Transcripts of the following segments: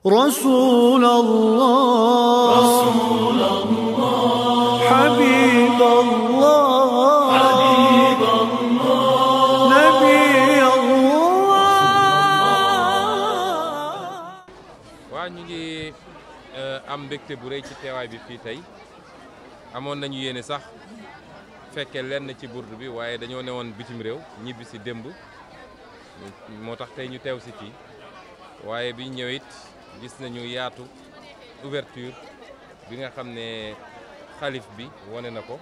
رسول الله رسول ñu ngi euh, am mbégte bu rëy ci teewaay bi fii tey amoon nañu yéene sax fekke lenn ci burdu bi waaye dañoo newoon bitim réew ñibbi si démb moo tax tey ñu teew si fii waaye bi ñëw it gis nañu yaatu ouverture bi nga xam ne xalif bi wane na ko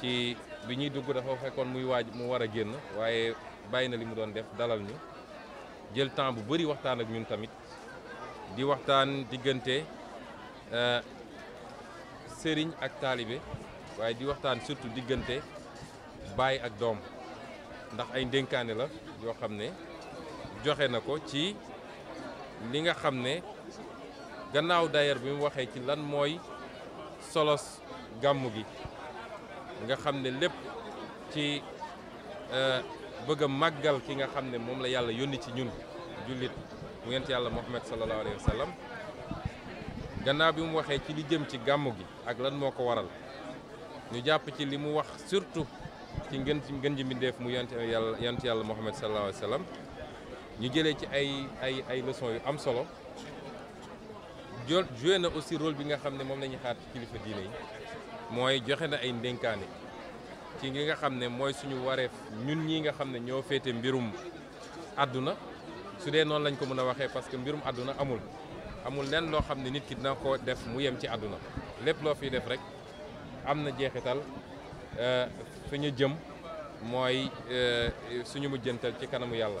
ci bi ñuy dugg dafa fekkoon muy waaj mu war a génn waaye bàyyi na li mu doon def dalal ñu jël temps bu bari waxtaan ak ñun tamit di waxtaan diggante euh, sëriñ ak taalibe waaye di waxtaan surtout diggante bàyyi ak doom ndax ay ndénkaane la yoo xam ne joxe na ko ci li nga xam ne gannaaw dayer bi mu waxee ci lan mooy solos gàmmu gi nga xam ne lépp ci euh, bëgg a màggal ki nga xam ne moom la yàlla yónni ci ñun jullit mu ngeen ci yàlla Muhammad sallallahu alayhi wa sallam gannaaw bi mu waxee ci li jëm ci gàmmu gi ak lan moo ko waral ñu jàpp ci li mu wax surtout ci ngën ngën ji mbindeef mu yonent yàlla yonent yàlla Muhammad sallallahu alayhi wa ñu jëlee ci ay ay ay leçons yu am solo joué na aussi rôle bi nga xam ne moom la ñuy xaar ci kilifa diine yi mooy joxe na ay ndénkaane ci li nga xam ne mooy suñu wareef ñun ñi nga xam ne ñoo féete mbirum àdduna su dee noonu lañ ko mën a waxee parce que mbirum àdduna amul amul lenn loo xam ne nit ki dina ko def mu yem ci àdduna lépp loo fiy def rek am na jeexital euh, fi ñu jëm mooy euh, suñu mujjantal ci kanamu yàlla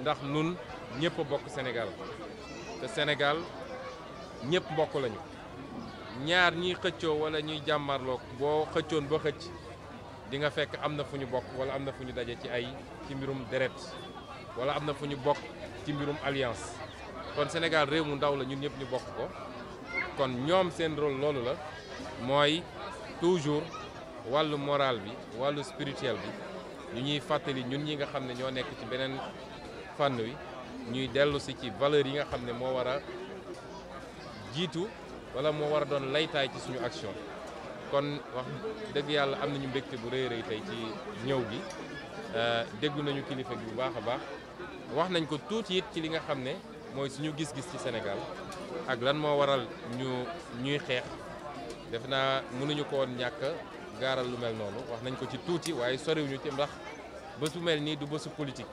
ndax nun ñëpp bokk Sénégal te Sénégal ñëpp mbokk lañu ñaar ñiy xëccoo wala ñuy jàmmarloo boo xëccoon ba xëcc di nga fekk am na fu ñu bokk wala am na fu ñu daje ci ay ci mbirum deret wala am na fu ñu bokk ci mbirum alliance kon Sénégal réew mu ndaw la ñun ñëpp ñu bokk ko kon ñoom seen rôle loolu la mooy toujours wàllu moral bi wàllu spirituel bi ñu ñuy fàttali ñun ñi nga xam ne ñoo nekk ci beneen fànn wi ñuy dellusi ci valeur yi nga xam ne moo war a jiitu wala moo war a doon laytaay ci suñu action kon wax dëgg yàlla am nañu mbégte bu rëy rëy tey ci ñëw gi euh, déggu nañu kilifa gi bu baax a baax wax nañ ko tuuti it ci li nga xam ne mooy suñu gis-gis ci Sénégal ak lan moo waral ñu ñuy xeex def naa mënuñu ko woon ñàkk gaaral lu mel noonu wax nañ ko ci tuuti waaye soriwuñu ci ndax bésu mel nii du bésu politique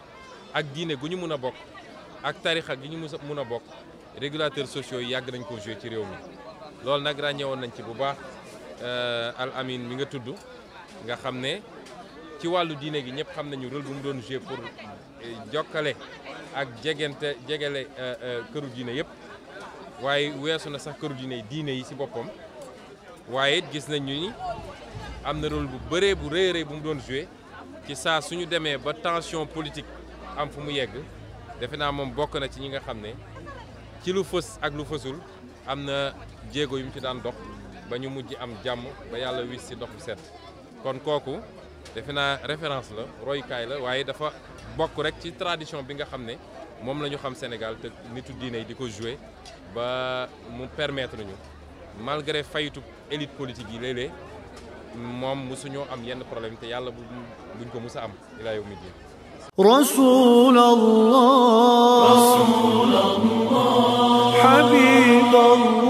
ak diine gu ñu mun a bokk ak tarixa gi ñu mun a bokk régulateurs sociaux yi yàgg nañ ko ci réew mi nañ ci bu baax euh, Al Amin mi nga tudd nga xam ne ci wàllu diine gi ñëpp xam rôle bu mu doon joué pour euh, jokkale ak jegente jegele euh, këru diine yëpp waaye weesu na sax këru diine yi diine yi si boppam waaye it ni am na rôle bu bëree bu rëy rëy bu mu doon joué ci saa suñu ba tension politique am fu mu yegg defe naa moom bokk na ci ñi nga xam ci lu fës ak lu fësul amna na jéego yu ci daan dox ba ñu mujj am jamm ba yalla wiss ci dox bu set kon koku defe naa référence la kay la waye dafa bokk rek ci tradition bi nga xam mom lañu xam Sénégal te nitu diine diko jouer ba mu permettre ñu malgré fayitu élite politique yi léeg mom moom mosuñoo am yenn problème te yalla bu buñ ko mus am ila yow mi رسول الله رسول الله حبيب الله